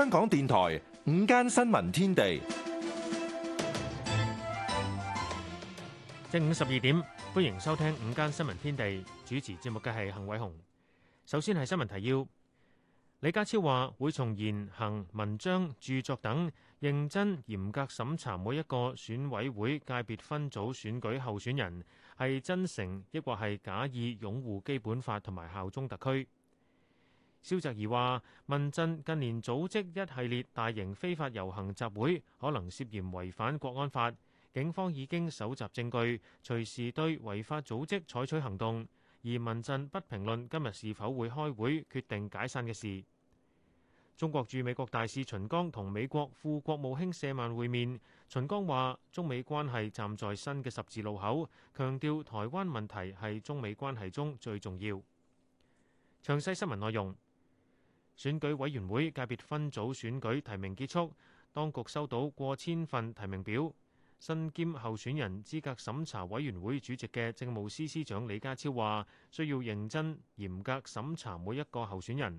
香港電台午間新聞天地，正午十二點，歡迎收聽午間新聞天地。主持節目嘅係幸偉雄。首先係新聞提要。李家超話會從言行、文章、著作等認真嚴格審查每一個選委會界別分組選舉候選人，係真誠亦或係假意擁護基本法同埋效忠特區。蕭澤怡話：民陣近年組織一系列大型非法遊行集會，可能涉嫌違反國安法，警方已經搜集證據，隨時對違法組織採取行動。而民陣不評論今日是否會開會決定解散嘅事。中國駐美國大使秦剛同美國副國務卿舍曼會面，秦剛話：中美關係站在新嘅十字路口，強調台灣問題係中美關係中最重要。詳細新聞內容。選舉委員會界別分組選舉提名結束，當局收到過千份提名表。身兼候選人資格審查委員會主席嘅政務司司長李家超話：需要認真嚴格審查每一個候選人。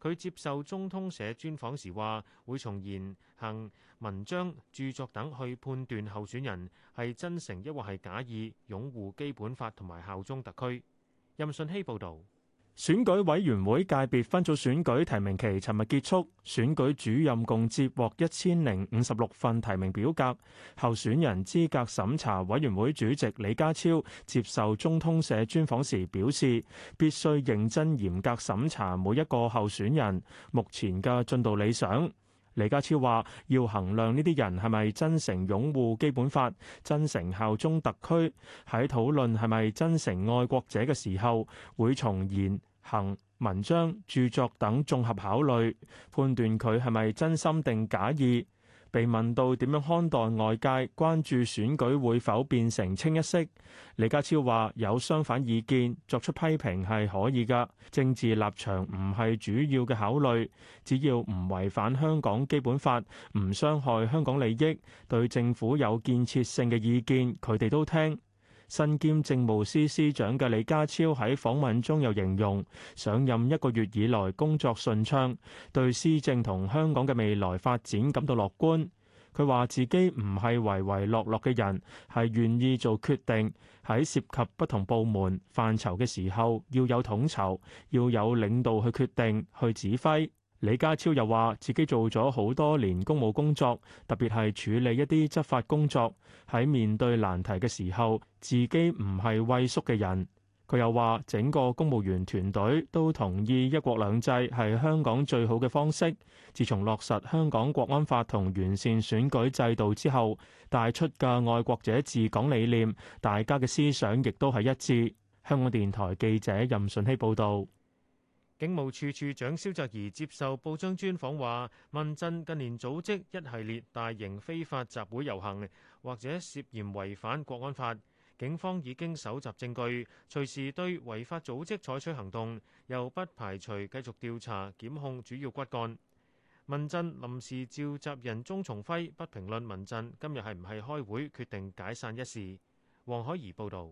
佢接受中通社專訪時話：會從言行、文章、著作等去判斷候選人係真誠，抑或係假意擁護基本法同埋效忠特區。任信希報導。選舉委員會界別分組選舉提名期尋日結束，選舉主任共接獲一千零五十六份提名表格。候選人資格審查委員會主席李家超接受中通社專訪時表示，必須認真嚴格審查每一個候選人。目前嘅進度理想，李家超話要衡量呢啲人係咪真誠擁護基本法、真誠效忠特區，喺討論係咪真誠愛國者嘅時候，會從嚴。行文章著作等綜合考慮判斷佢係咪真心定假意。被問到點樣看待外界關注選舉會否變成清一色，李家超話有相反意見，作出批評係可以噶。政治立場唔係主要嘅考慮，只要唔違反香港基本法，唔傷害香港利益，對政府有建設性嘅意見，佢哋都聽。身兼政務司司長嘅李家超喺訪問中又形容，上任一個月以來工作順暢，對施政同香港嘅未來發展感到樂觀。佢話自己唔係唯唯諾諾嘅人，係願意做決定。喺涉及不同部門範疇嘅時候，要有統籌，要有領導去決定，去指揮。李家超又話自己做咗好多年公務工作，特別係處理一啲執法工作。喺面對難題嘅時候，自己唔係畏縮嘅人。佢又話整個公務員團隊都同意一國兩制係香港最好嘅方式。自從落實香港國安法同完善選舉制度之後，帶出嘅愛國者治港理念，大家嘅思想亦都係一致。香港電台記者任順希報道。警務處處長蕭澤頤接受報章專訪話，民陣近年組織一系列大型非法集會遊行，或者涉嫌違反國安法，警方已經搜集證據，隨時對違法組織採取行動，又不排除繼續調查檢控主要骨幹。民陣臨時召集人鍾松輝不評論民陣今日係唔係開會決定解散一事。黃海怡報道。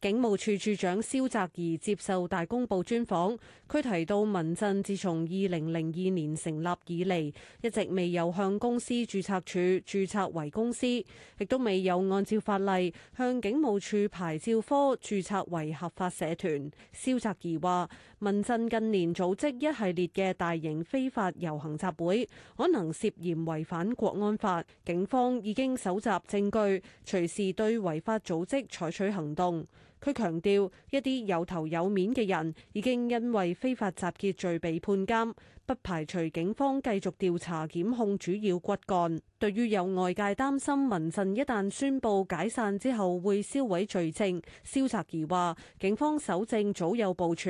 警務處處長蕭澤頤接受大公報專訪，佢提到民陣自從二零零二年成立以嚟，一直未有向公司注冊處注冊為公司，亦都未有按照法例向警務處牌照科注冊為合法社團。蕭澤頤話，民陣近年組織一系列嘅大型非法遊行集會，可能涉嫌違反國安法，警方已經搜集證據，隨時對違法組織採取行動。佢強調，一啲有頭有面嘅人已經因為非法集結罪被判監，不排除警方繼續調查檢控主要骨幹。對於有外界擔心民陣一旦宣布解散之後會銷毀罪證，蕭澤怡話：警方搜證早有部署，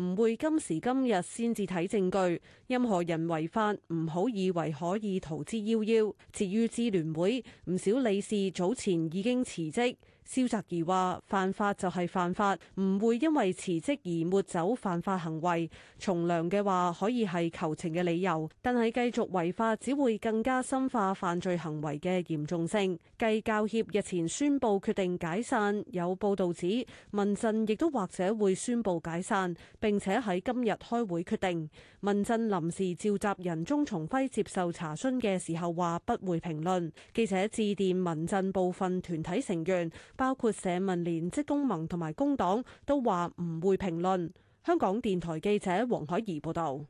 唔會今時今日先至睇證據。任何人違法，唔好以為可以逃之夭夭。至於支聯會，唔少理事早前已經辭職。蕭澤頤話：犯法就係犯法，唔會因為辭職而抹走犯法行為。從良嘅話可以係求情嘅理由，但係繼續違法只會更加深化犯罪行為嘅嚴重性。繼教協日前宣布決定解散，有報道指民陣亦都或者會宣布解散，並且喺今日開會決定。民陣臨時召集人鍾重輝接受查詢嘅時候話：不會評論。記者致電民陣部分團體成員。包括社民連、職工盟同埋工黨都話唔會評論。香港電台記者黃海怡報導。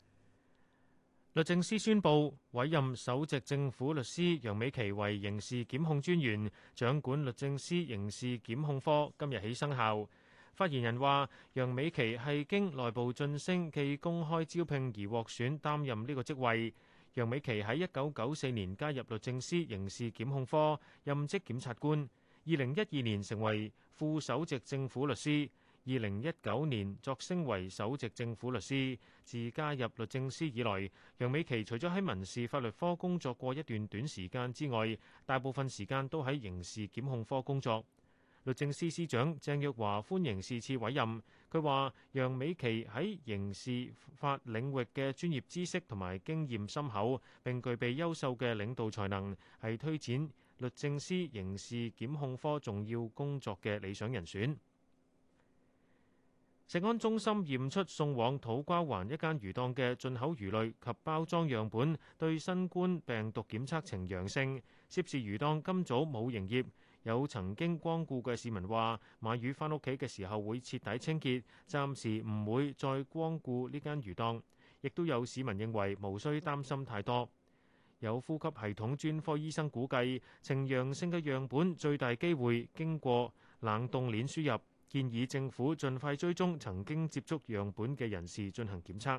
律政司宣布委任首席政府律師楊美琪為刑事檢控專員，掌管律政司刑事檢控科。今日起生效。發言人話：楊美琪係經內部晉升暨公開招聘而獲選擔任呢個職位。楊美琪喺一九九四年加入律政司刑事檢控科，任職檢察官。二零一二年成為副首席政府律師，二零一九年擢升為首席政府律師。自加入律政司以來，楊美琪除咗喺民事法律科工作過一段短時間之外，大部分時間都喺刑事檢控科工作。律政司司長鄭若驊歡迎是次委任，佢話楊美琪喺刑事法領域嘅專業知識同埋經驗深厚，並具備優秀嘅領導才能，係推展律政司刑事檢控科重要工作嘅理想人選。食安中心驗出送往土瓜灣一間魚檔嘅進口魚類及包裝樣本對新冠病毒檢測呈陽性，涉事魚檔今早冇營業。有曾經光顧嘅市民話，買魚返屋企嘅時候會徹底清潔，暫時唔會再光顧呢間魚檔。亦都有市民認為無需擔心太多。有呼吸系統專科醫生估計，呈陽性嘅樣本最大機會經過冷凍鏈輸入，建議政府盡快追蹤曾經接觸樣本嘅人士進行檢測，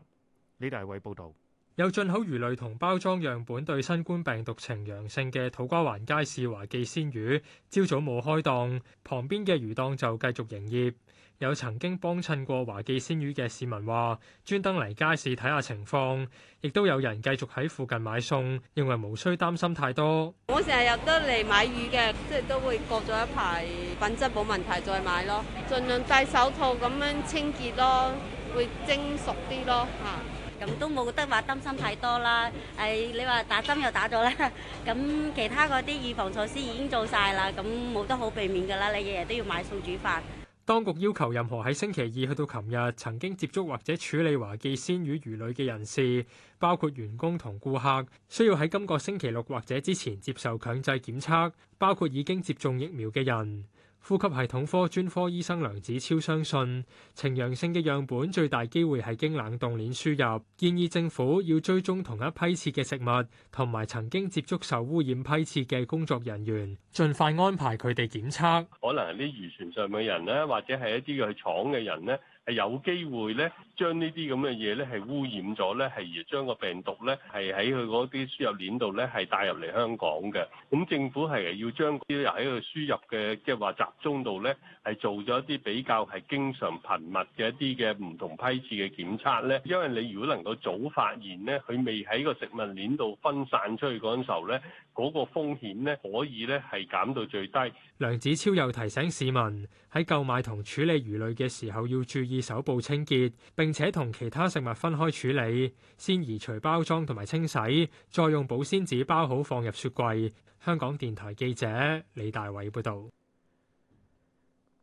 李大偉報道。有進口魚類同包裝樣本對新冠病毒呈陽性嘅土瓜灣街市華記鮮魚，朝早冇開檔，旁邊嘅魚檔就繼續營業。有曾經幫襯過華記鮮魚嘅市民話，專登嚟街市睇下情況，亦都有人繼續喺附近買餸，認為無需擔心太多。我成日入得嚟買魚嘅，即係都會過咗一排，品質冇問題再買咯，盡量戴手套咁樣清潔咯，會蒸熟啲咯嚇。咁都冇得話擔心太多啦。誒、哎，你話打針又打咗啦，咁其他嗰啲預防措施已經做晒啦，咁冇得好避免㗎啦。你日日都要買餸煮飯。當局要求任何喺星期二去到琴日曾經接觸或者處理華記鮮魚魚類嘅人士，包括員工同顧客，需要喺今個星期六或者之前接受強制檢測，包括已經接種疫苗嘅人。呼吸系統科專科醫生梁子超相信，呈陽性嘅樣本最大機會係經冷凍鏈輸入，建議政府要追蹤同一批次嘅食物，同埋曾經接觸受污染批次嘅工作人員，盡快安排佢哋檢測。可能係啲漁船上嘅人咧，或者係一啲去廠嘅人咧，係有機會咧。將呢啲咁嘅嘢咧，係污染咗咧，係而將個病毒咧，係喺佢嗰啲輸入鏈度咧，係帶入嚟香港嘅。咁政府係要將啲又喺度輸入嘅，即係話集中度咧，係做咗一啲比較係經常頻密嘅一啲嘅唔同批次嘅檢測咧。因為你如果能夠早發現呢，佢未喺個食物鏈度分散出去嗰陣時候咧，嗰個風險咧，可以咧係減到最低。梁子超又提醒市民喺購買同處理魚類嘅時候，要注意手部清潔並並且同其他食物分開處理，先移除包裝同埋清洗，再用保鮮紙包好放入雪櫃。香港電台記者李大偉報導。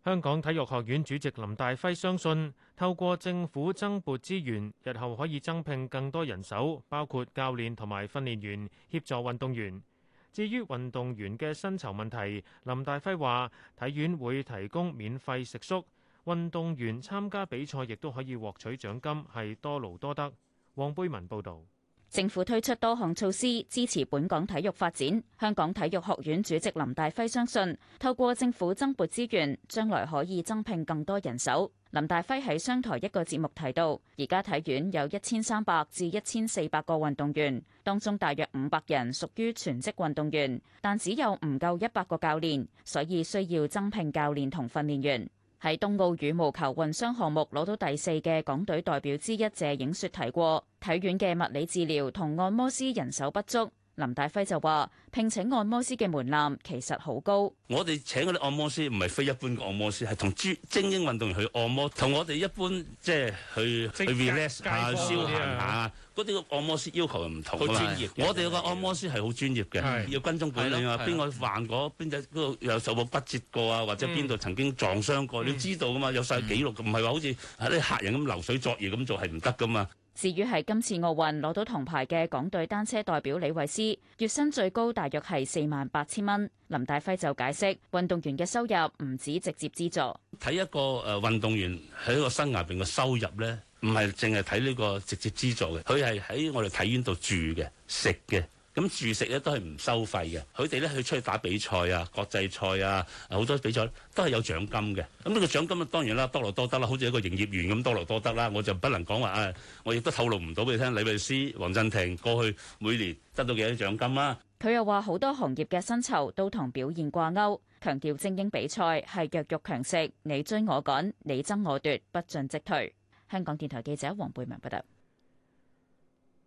香港體育學院主席林大輝相信，透過政府增撥資源，日後可以增聘更多人手，包括教練同埋訓練員協助運動員。至於運動員嘅薪酬問題，林大輝話體院會提供免費食宿。運動員參加比賽，亦都可以獲取獎金，係多勞多得。黃貝文報導，政府推出多項措施支持本港體育發展。香港體育學院主席林大輝相信，透過政府增撥資源，將來可以增聘更多人手。林大輝喺商台一個節目提到，而家體院有一千三百至一千四百個運動員，當中大約五百人屬於全職運動員，但只有唔夠一百個教練，所以需要增聘教練同訓練員。喺東奧羽毛球混雙項目攞到第四嘅港隊代表之一謝影雪提過，體院嘅物理治療同按摩師人手不足。林大輝就話聘請按摩師嘅門檻其實好高，我哋請嗰啲按摩師唔係非一般嘅按摩師，係同精，精英運動員去按摩，同我哋一般即係去去 relax 啊，消閒啊。嗰啲按摩師要求又唔同啦。好專業。我哋個按摩師係好專業嘅，要跟蹤管理啊，邊個患過，邊隻嗰度又受過骨折過啊，或者邊度曾經撞傷過，你知道噶嘛，有晒記錄，唔係話好似啲客人咁流水作業咁做係唔得噶嘛。至於係今次奧運攞到銅牌嘅港隊單車代表李慧詩，月薪最高大約係四萬八千蚊。林大輝就解釋，運動員嘅收入唔止直接資助，睇一個誒運動員喺個生涯入邊嘅收入咧，唔係淨係睇呢個直接資助嘅，佢係喺我哋體院度住嘅、食嘅。咁住食咧都係唔收費嘅，佢哋咧去出去打比賽啊、國際賽啊，好多比賽都係有獎金嘅。咁、那、呢個獎金當然啦，多勞多得啦，好似一個營業員咁多勞多得啦，我就不能講話，啊、哎，我亦都透露唔到俾你聽，李慧詩、黃振庭過去每年得到幾多獎金啦、啊？佢又話好多行業嘅薪酬都同表現掛鈎，強調精英比賽係弱肉強食，你追我趕，你爭我奪，不進即退。香港電台記者黃貝文報道。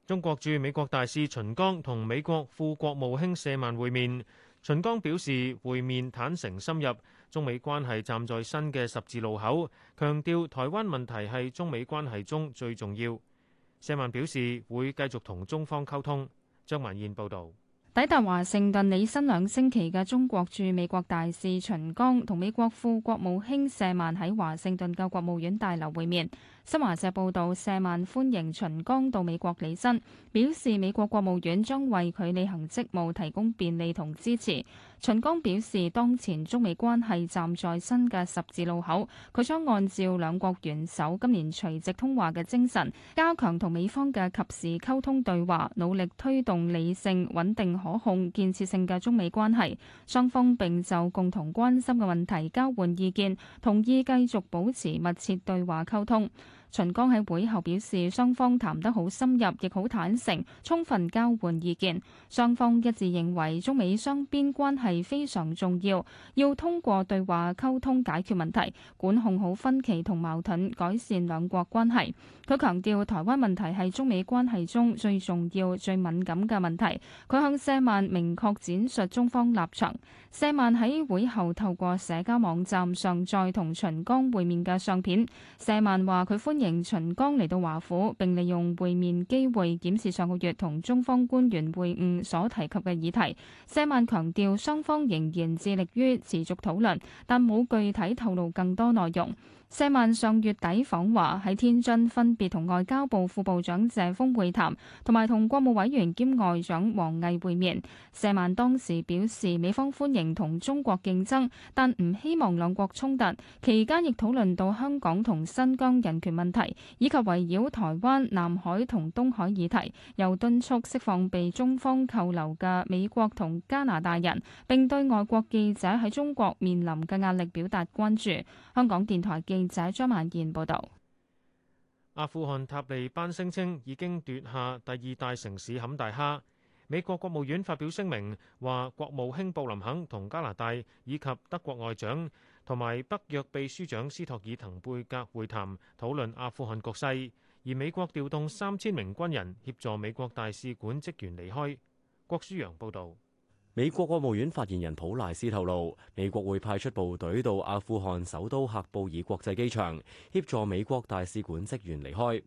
中國駐美國大使秦剛同美國副國務卿舍曼會面。秦剛表示，會面坦誠深入，中美關係站在新嘅十字路口，強調台灣問題係中美關係中最重要。舍曼表示，會繼續同中方溝通。張文燕報道。抵達華盛頓履新兩星期嘅中國駐美國大使秦剛同美國副國務卿舍曼喺華盛頓嘅國務院大樓會面。新華社報道，舍曼歡迎秦剛到美國履新，表示美國國務院將為佢履行職務提供便利同支持。秦剛表示，當前中美關係站在新嘅十字路口，佢將按照兩國元首今年垂直通話嘅精神，加強同美方嘅及時溝通對話，努力推動理性、穩定、可控、建設性嘅中美關係，雙方並就共同關心嘅問題交換意見，同意繼續保持密切對話溝通。秦剛喺會後表示，雙方談得好深入，亦好坦誠，充分交換意見，雙方一致認為中美雙邊關係非常重要，要通過對話溝通解決問題，管控好分歧同矛盾，改善兩國關係。佢強調台灣問題係中美關係中最重要、最敏感嘅問題，佢向謝曼明確展述中方立場，謝曼喺會後透過社交網站上載同秦剛會面嘅相片。謝曼話佢歡。迎秦剛嚟到華府，並利用會面機會檢視上個月同中方官員會晤所提及嘅議題。謝曼強調，雙方仍然致力於持續討論，但冇具體透露更多內容。捨曼上月底訪華喺天津，分別同外交部副部長謝鋒會談，同埋同國務委員兼外長王毅會面。捨曼當時表示，美方歡迎同中國競爭，但唔希望兩國衝突。期間亦討論到香港同新疆人權問題，以及圍繞台灣、南海同東海議題，又敦促釋放被中方扣留嘅美國同加拿大人，並對外國記者喺中國面臨嘅壓力表達關注。香港電台記記者張萬健報道：阿富汗塔利班聲稱已經奪下第二大城市坎大哈。美國國務院發表聲明話，國務卿布林肯同加拿大以及德國外長同埋北約秘書長斯托爾滕貝格會談，討論阿富汗局勢。而美國調動三千名軍人協助美國大使館職員離開。郭舒陽報道。美國國務院發言人普萊斯透露，美國會派出部隊到阿富汗首都喀布爾國際機場協助美國大使館職員離開。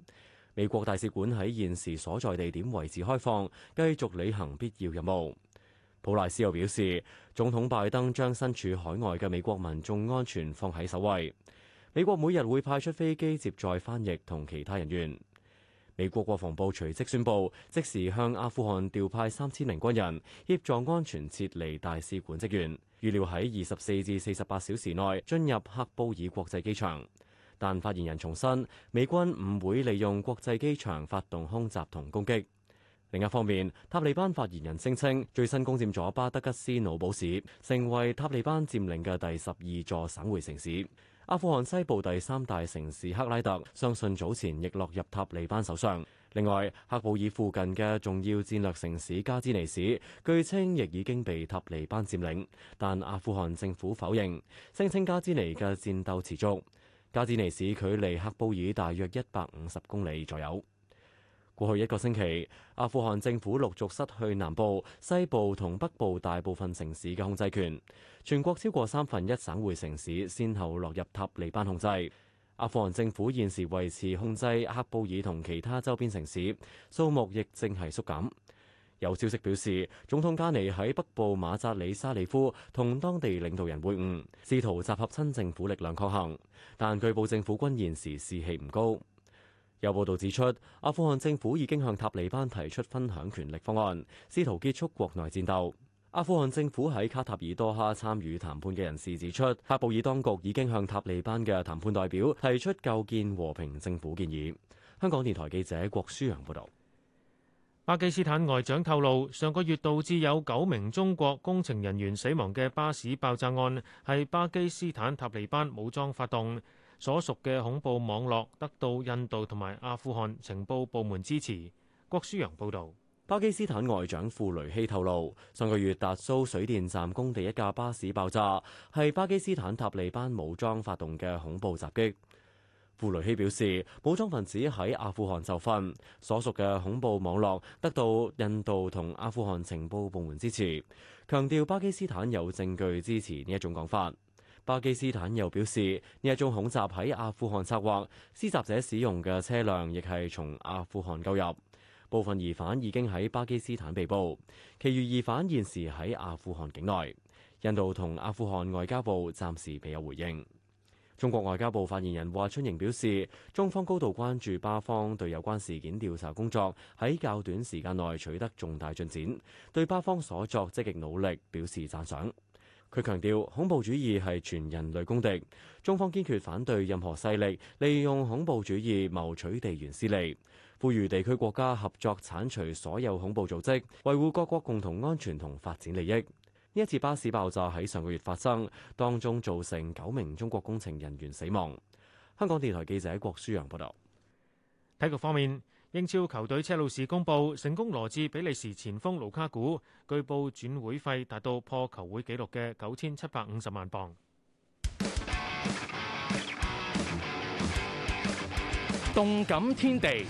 美國大使館喺現時所在地點維持開放，繼續履行必要任務。普萊斯又表示，總統拜登將身處海外嘅美國民眾安全放喺首位。美國每日會派出飛機接載翻譯同其他人員。美國國防部隨即宣布，即時向阿富汗調派三千名軍人，協助安全撤離大使館職員。預料喺二十四至四十八小時內進入喀布爾國際機場。但發言人重申，美軍唔會利用國際機場發動空襲同攻擊。另一方面，塔利班發言人聲稱，最新攻佔咗巴德吉斯努堡市，成為塔利班佔領嘅第十二座省會城市。阿富汗西部第三大城市赫拉特，相信早前亦落入塔利班手上。另外，喀布爾附近嘅重要戰略城市加茲尼市，據稱亦已經被塔利班佔領，但阿富汗政府否認，聲稱加茲尼嘅戰鬥持續。加茲尼市距離喀布爾大約一百五十公里左右。過去一個星期，阿富汗政府陸續失去南部、西部同北部大部分城市嘅控制權，全國超過三分一省會城市先後落入塔利班控制。阿富汗政府現時維持控制喀布爾同其他周邊城市，數目亦正係縮減。有消息表示，總統加尼喺北部馬扎里沙里夫同當地領導人會晤，試圖集合親政府力量抗衡。但據報政府軍現時士氣唔高。有報道指出，阿富汗政府已經向塔利班提出分享權力方案，試圖結束國內戰鬥。阿富汗政府喺卡塔爾多哈參與談判嘅人士指出，喀布爾當局已經向塔利班嘅談判代表提出構建和平政府建議。香港電台記者郭舒揚報道。巴基斯坦外長透露，上個月導致有九名中國工程人員死亡嘅巴士爆炸案，係巴基斯坦塔利班武裝發動。所屬嘅恐怖網絡得到印度同埋阿富汗情報部門支持。郭舒陽報道，巴基斯坦外長傅雷希透露，上個月達蘇水電站工地一架巴士爆炸，係巴基斯坦塔利班武裝發動嘅恐怖襲擊。傅雷希表示，武裝分子喺阿富汗受訓，所屬嘅恐怖網絡得到印度同阿富汗情報部門支持，強調巴基斯坦有證據支持呢一種講法。巴基斯坦又表示，呢一宗恐襲喺阿富汗策劃，施襲者使用嘅車輛亦係從阿富汗購入。部分疑犯已經喺巴基斯坦被捕，其餘疑犯現時喺阿富汗境內，印度同阿富汗外交部暫時未有回應。中國外交部發言人華春瑩表示，中方高度關注巴方對有關事件調查工作喺較短時間內取得重大進展，對巴方所作積極努力表示讚賞。佢強調恐怖主義係全人類公敵，中方堅決反對任何勢力利用恐怖主義謀取地緣私利，呼籲地區國家合作剷除所有恐怖組織，維護各國共同安全同發展利益。呢一次巴士爆炸喺上個月發生，當中造成九名中國工程人員死亡。香港電台記者郭舒揚報導。體局方面。英超球隊車路士公佈成功羅致比利時前鋒盧卡古，據報轉會費達到破球會紀錄嘅九千七百五十萬鎊。動感天地，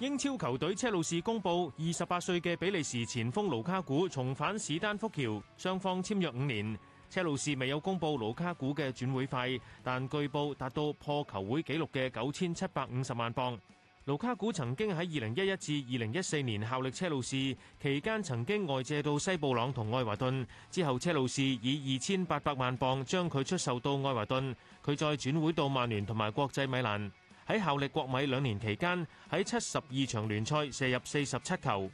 英超球隊車路士公布二十八歲嘅比利時前鋒盧卡古重返史丹福橋，雙方簽約五年。車路士未有公佈盧卡古嘅轉會費，但據報達到破球會紀錄嘅九千七百五十萬鎊。盧卡古曾經喺二零一一至二零一四年效力車路士，期間曾經外借到西布朗同愛華頓，之後車路士以二千八百萬鎊將佢出售到愛華頓，佢再轉會到曼聯同埋國際米蘭。喺效力國米兩年期間，喺七十二場聯賽射入四十七球。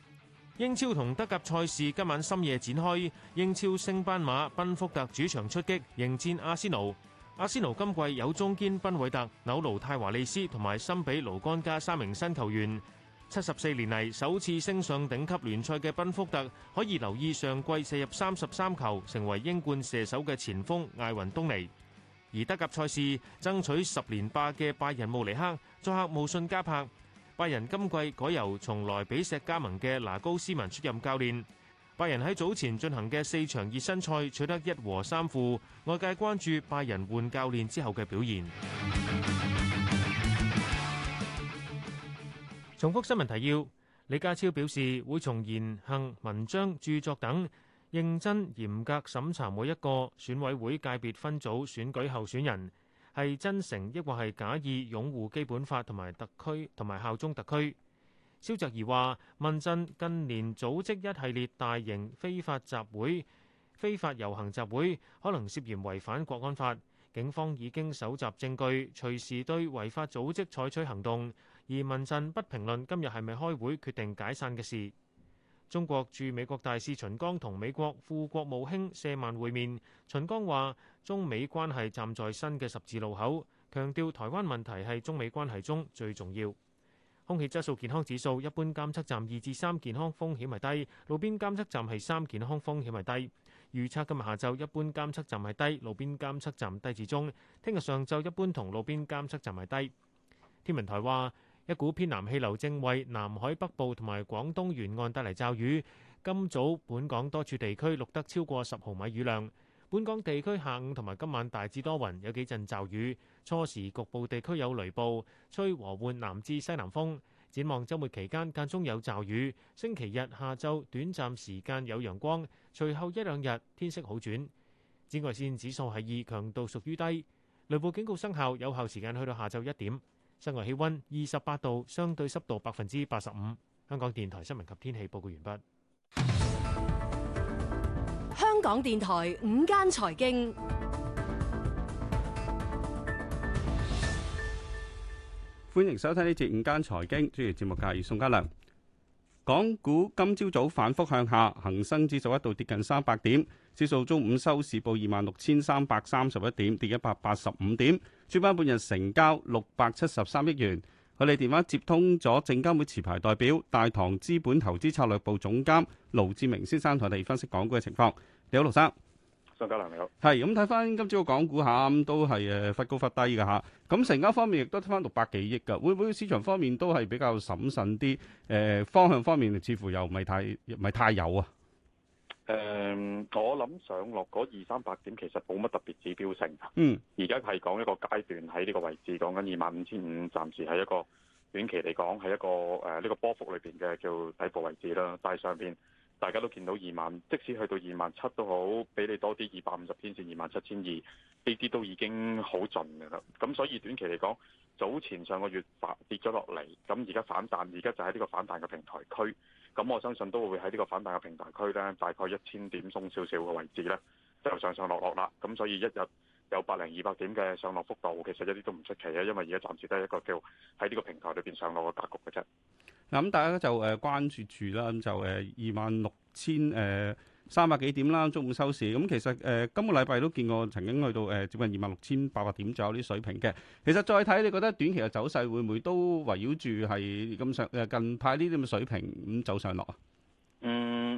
英超同德甲賽事今晚深夜展開，英超升班馬賓福特主場出擊，迎戰阿仙奴。阿仙奴今季有中堅賓韋特、紐盧泰華利斯同埋森比盧干加三名新球員，七十四年嚟首次升上頂級聯賽嘅賓福特可以留意上季射入三十三球，成為英冠射手嘅前鋒艾雲東尼。而德甲賽事爭取十連霸嘅拜仁慕尼黑作客慕遜加柏，拜仁今季改由從萊比錫加盟嘅拿高斯文出任教練。拜仁喺早前進行嘅四場熱身賽取得一和三負，外界關注拜仁換教練之後嘅表現。重複新聞提要：李家超表示會從言行、文章、著作等，認真嚴格審查每一個選委會界別分組選舉候選人，係真誠抑或係假意擁護基本法同埋特，特區，同埋效忠特區。蕭澤頤話：民陣近年組織一系列大型非法集會、非法遊行集會，可能涉嫌違反國安法，警方已經搜集證據，隨時對違法組織採取行動。而民陣不評論今日係咪開會決定解散嘅事。中國駐美國大使秦剛同美國副國務卿舍曼會面，秦剛話：中美關係站在新嘅十字路口，強調台灣問題係中美關係中最重要。空氣質素健康指數，一般監測站二至三健康風險係低，路邊監測站係三健康風險係低。預測今日下晝一般監測站係低，路邊監測站低至中。聽日上晝一般同路邊監測站係低。天文台話，一股偏南氣流正為南海北部同埋廣東沿岸帶嚟驟雨。今早本港多處地區錄得超過十毫米雨量。本港地區下午同埋今晚大致多雲，有幾陣驟雨，初時局部地區有雷暴，吹和緩南至西南風。展望週末期間間中有驟雨，星期日下晝短暫時間有陽光，隨後一兩日天色好轉。紫外線指數係二，強度屬於低。雷暴警告生效有效時間去到下晝一點。室外氣温二十八度，相對濕度百分之八十五。嗯、香港電台新聞及天氣報告完畢。港電台午間財經，歡迎收聽呢節午間財經主持節目。介紹宋嘉良，港股今朝早反覆向下，恒生指數一度跌近三百點，指數中午收市報二萬六千三百三十一點，跌一百八十五點。主板半日成交六百七十三億元。佢哋電話接通咗證監會持牌代表，大唐資本投資策略部總監盧志明先生，同我哋分析港股嘅情況。你好，盧生。張嘉良你好。係，咁睇翻今朝嘅港股下都係誒，忽高忽低嘅吓。咁成交方面亦都得翻六百幾億嘅，會唔會市場方面都係比較審慎啲？誒、呃，方向方面似乎又唔係太唔係太有啊。誒、呃，我諗上落嗰二三百點其實冇乜特別指標性。嗯。而家係講一個階段喺呢個位置，講緊二萬五千五，暫時係一個短期嚟講係一個誒呢、呃這個波幅裏邊嘅叫底部位置啦，但、就、係、是、上邊。大家都見到二萬，即使去到二萬七都好，比你多啲二百五十天線二萬七千二，呢啲都已經好盡㗎啦。咁所以短期嚟講，早前上個月反跌咗落嚟，咁而家反彈，而家就喺呢個反彈嘅平台區。咁我相信都會喺呢個反彈嘅平台區呢，大概一千點鬆少少嘅位置呢，就上上落落啦。咁所以一日，有百零二百點嘅上落幅度，其實一啲都唔出奇啊！因為而家暫時都係一個叫喺呢個平台裏邊上落嘅格局嘅啫。嗱，咁大家就誒關注住啦。咁就誒二萬六千誒三百幾點啦，中午收市。咁其實誒今個禮拜都見過曾經去到誒接近二萬六千八百點左右啲水平嘅。其實再睇，你覺得短期嘅走勢會唔會都圍繞住係咁上誒近排呢啲咁嘅水平咁走上落啊？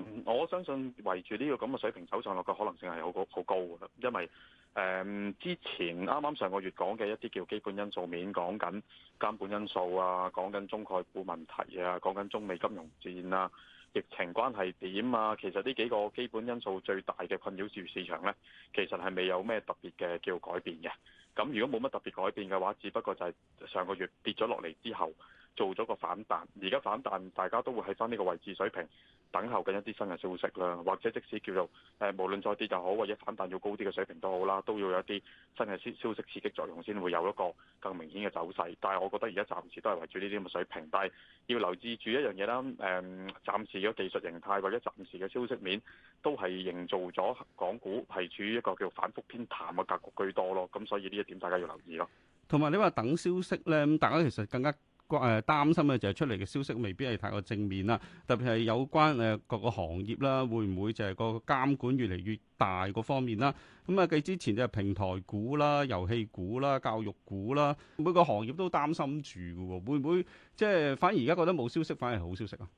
嗯、我相信圍住呢個咁嘅水平走上落嘅可能性係好好高嘅啦，因為誒、嗯、之前啱啱上個月講嘅一啲叫基本因素面，講緊監管因素啊，講緊中概股問題啊，講緊中美金融戰啊，疫情關係點啊，其實呢幾個基本因素最大嘅困擾住市場呢，其實係未有咩特別嘅叫改變嘅。咁如果冇乜特別改變嘅話，只不過就係上個月跌咗落嚟之後。做咗個反彈，而家反彈，大家都會喺翻呢個位置水平等候緊一啲新嘅消息啦。或者即使叫做誒、呃，無論再跌就好，或者反彈要高啲嘅水平都好啦，都要有一啲新嘅消消息刺激作用先會有一個更明顯嘅走勢。但係我覺得而家暫時都係圍住呢啲咁嘅水平。但係要留意住一樣嘢啦，誒、呃，暫時嘅技術形態或者暫時嘅消息面都係營造咗港股係處於一個叫反覆偏淡嘅格局居多咯。咁所以呢一點大家要留意咯。同埋你話等消息咧，大家其實更加，誒擔心嘅就係出嚟嘅消息未必係太過正面啦，特別係有關誒各個行業啦，會唔會就係個監管越嚟越大嗰方面啦？咁啊，佢之前就係平台股啦、遊戲股啦、教育股啦，每個行業都擔心住喎，會唔會即係反而而家覺得冇消息反而係好消息啊？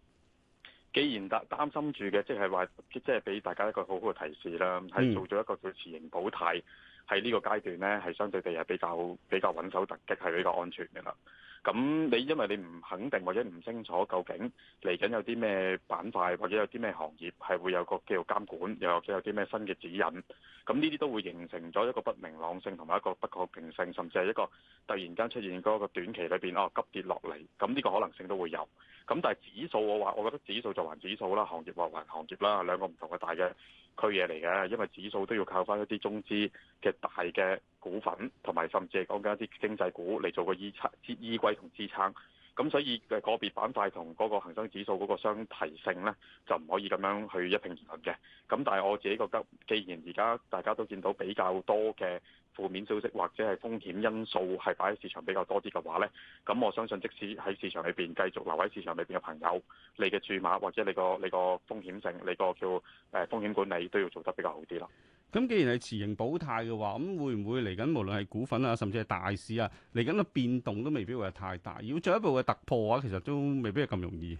既然擔擔心住嘅，即係話即係俾大家一個好好嘅提示啦，係做咗一個叫持盈保泰，喺呢個階段咧係相對地係比較比較穩守突擊，係比較安全嘅啦。咁你因為你唔肯定或者唔清楚究竟嚟緊有啲咩板塊或者有啲咩行業係會有個叫做監管，又或者有啲咩新嘅指引，咁呢啲都會形成咗一個不明朗性同埋一個不確定性，甚至係一個突然間出現嗰個短期裏邊哦急跌落嚟，咁呢個可能性都會有。咁但係指數嘅話，我覺得指數就還指數啦，行業或還行業啦，兩個唔同嘅大嘅區嘢嚟嘅，因為指數都要靠翻一啲中資嘅大嘅。股份同埋甚至係講緊一啲經濟股嚟做個依撐依歸同支撐，咁所以個別板塊同嗰個恆生指數嗰個相提性呢，就唔可以咁樣去一評而論嘅。咁但係我自己覺得，既然而家大家都見到比較多嘅負面消息或者係風險因素係擺喺市場比較多啲嘅話呢，咁我相信即使喺市場裏邊繼續留喺市場裏邊嘅朋友，你嘅注碼或者你個你個風險性、你個叫誒風險管理都要做得比較好啲啦。咁既然係持盈保泰嘅話，咁會唔會嚟緊無論係股份啊，甚至係大市啊，嚟緊嘅變動都未必會係太大。要進一步嘅突破啊，其實都未必係咁容易。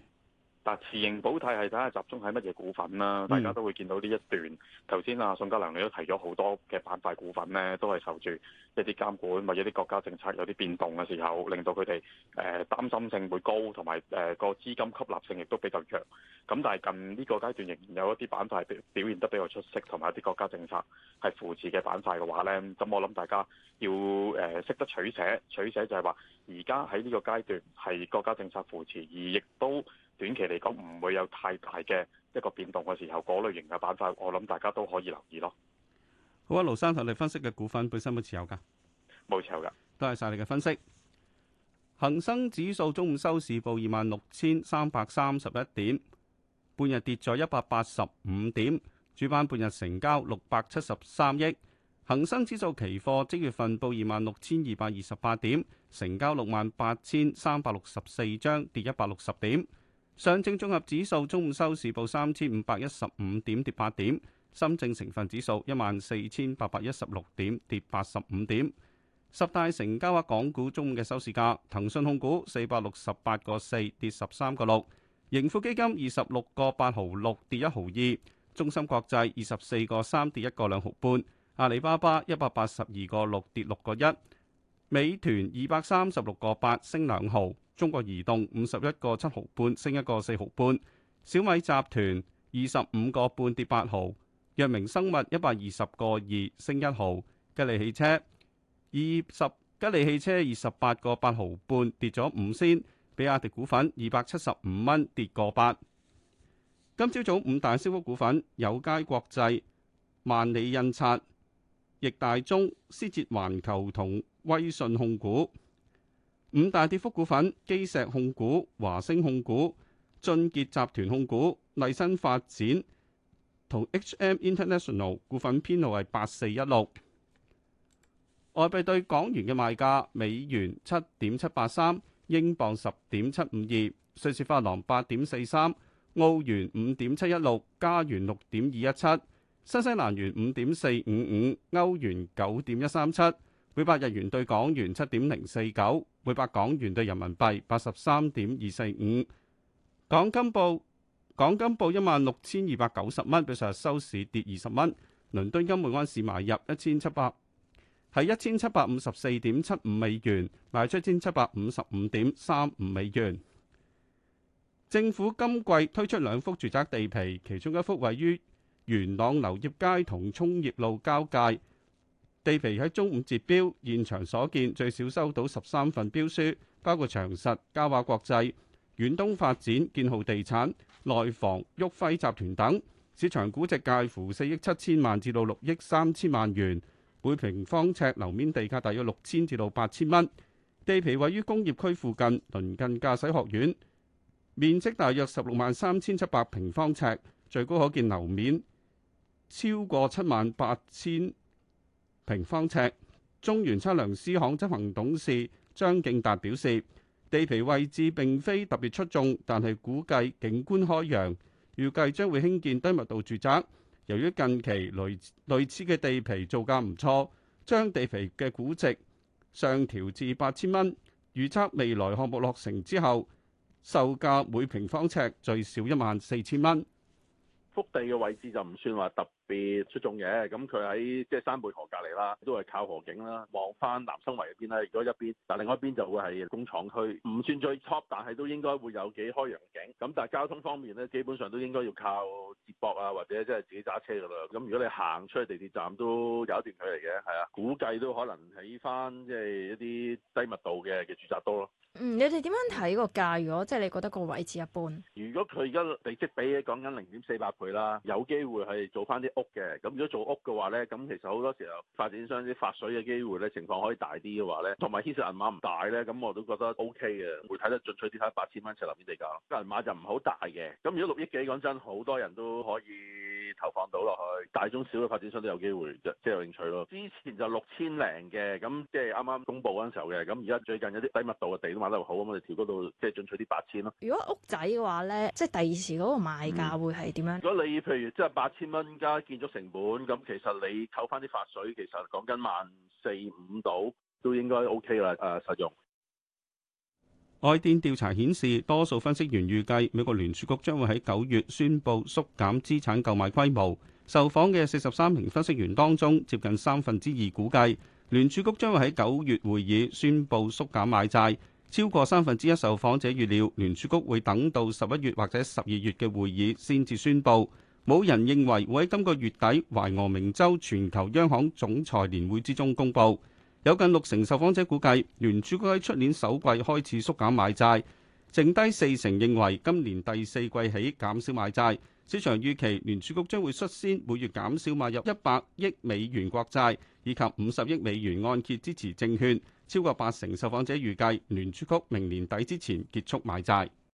但係，持盈保泰係睇下集中喺乜嘢股份啦、啊。嗯、大家都會見到呢一段。頭先啊，宋嘉良你都提咗好多嘅板塊股份咧，都係受住一啲監管或者啲國家政策有啲變動嘅時候，令到佢哋誒擔心性會高，同埋誒個資金吸納性亦都比較弱。咁但係近呢個階段仍然有一啲板塊表，表現得比較出色，同埋一啲國家政策係扶持嘅板塊嘅話咧，咁我諗大家要誒、呃、識得取捨，取捨就係話而家喺呢個階段係國家政策扶持，而亦都。短期嚟講唔會有太大嘅一個變動嘅時候，嗰類型嘅板塊，我諗大家都可以留意咯。好啊，盧生，同你分析嘅股份本身有冇持有噶？冇持有噶。多謝晒你嘅分析。恒生指數中午收市報二萬六千三百三十一點，半日跌咗一百八十五點。主板半日成交六百七十三億。恒生指數期貨即月份報二萬六千二百二十八點，成交六萬八千三百六十四張，跌一百六十點。上證綜合指數中午收市報三千五百一十五點，跌八點。深證成分指數一萬四千八百一十六點，跌八十五點。十大成交額港股中午嘅收市價，騰訊控股四百六十八個四，跌十三個六。盈富基金二十六個八毫六，跌一毫二。中芯國際二十四個三，跌一個兩毫半。阿里巴巴一百八十二個六，跌六個一。美團二百三十六個八，升兩毫。中國移動五十一個七毫半，升一個四毫半；小米集團二十五個半跌八毫；藥明生物一百二十個二升一毫；吉利汽車二十吉利汽車二十八個八毫半跌咗五仙；比亞迪股份二百七十五蚊跌個八。今朝早五大升幅股份：友佳國際、萬里印刷、易大宗、思捷環球同威信控股。五大跌幅股份：基石控股、華星控股、俊傑集團控股、麗新發展同 H.M.International，股份編號係八四一六。外幣對港元嘅賣價：美元七點七八三，英鎊十點七五二，瑞士法郎八點四三，澳元五點七一六，加元六點二一七，新西蘭元五點四五五，歐元九點一三七。每百日元兌港元七點零四九，每百港元兌人民幣八十三點二四五。港金報，港金報一萬六千二百九十蚊，比上日收市跌二十蚊。倫敦金每安士買入一千七百，係一千七百五十四點七五美元，賣出一千七百五十五點三五美元。政府今季推出兩幅住宅地皮，其中一幅位於元朗流業街同沖業路交界。地皮喺中午截標，現場所見最少收到十三份標書，包括長實、嘉華國際、遠東發展、建灝地產、內房、旭輝集團等。市場估值介乎四億七千萬至到六億三千萬元，每平方尺樓面地價大約六千至到八千蚊。地皮位於工業區附近，鄰近駕駛學院，面積大約十六萬三千七百平方尺，最高可見樓面超過七萬八千平方尺，中原測量師行執行董事張敬達表示，地皮位置並非特別出眾，但係估計景觀開揚，預計將會興建低密度住宅。由於近期類類似嘅地皮造價唔錯，將地皮嘅估值上調至八千蚊，預測未來項目落成之後，售價每平方尺最少一萬四千蚊。福地嘅位置就唔算話特。出眾嘅，咁佢喺即係山貝河隔籬啦，都係靠河景啦，望翻南生圍嗰邊啦。如果一邊，但另外一邊就會係工廠區，唔算最 top，但係都應該會有幾開陽景。咁但係交通方面咧，基本上都應該要靠接駁啊，或者即係自己揸車噶啦。咁如果你行出去地鐵站都有一段距離嘅，係啊，估計都可能喺翻即係一啲低密度嘅嘅住宅多咯。嗯，你哋點樣睇個價？如果即係你覺得個位置一般，如果佢而家地積比講緊零點四百倍啦，有機會係做翻啲嘅咁，如果做屋嘅話咧，咁其實好多時候發展商啲發水嘅機會咧，情況可以大啲嘅話咧，同埋牽涉銀碼唔大咧，咁我都覺得 O K 嘅，會睇得進取啲，睇八千蚊上立啲地價。銀碼就唔好大嘅。咁如果六億幾講真，好多人都可以投放到落去，大中小嘅發展商都有機會，即係即係有興趣咯。之前就六千零嘅，咁即係啱啱公布嗰陣時候嘅。咁而家最近有啲低密度嘅地都買得好，咁我哋調高到即係進取啲八千咯。如果屋仔嘅話咧，即係第二時嗰個賣價、嗯、會係點樣？如果你譬如即係八千蚊加。建築成本咁，其實你扣翻啲發水，其實講緊萬四五度，都應該 OK 啦，誒實用。外電調查顯示，多數分析員預計美國聯儲局將會喺九月宣布縮減資產購買規模。受訪嘅四十三名分析員當中，接近三分之二估計聯儲局將會喺九月會議宣布縮減買債。超過三分之一受訪者預料聯儲局會等到十一月或者十二月嘅會議先至宣布。冇人認為會喺今個月底懷俄明州全球央行總裁年會之中公布。有近六成受訪者估計聯儲局喺出年首季開始縮減買債，剩低四成認為今年第四季起減少買債。市場預期聯儲局將會率先每月減少買入一百億美元國債，以及五十億美元按揭支持證券。超過八成受訪者預計聯儲局明年底之前結束買債。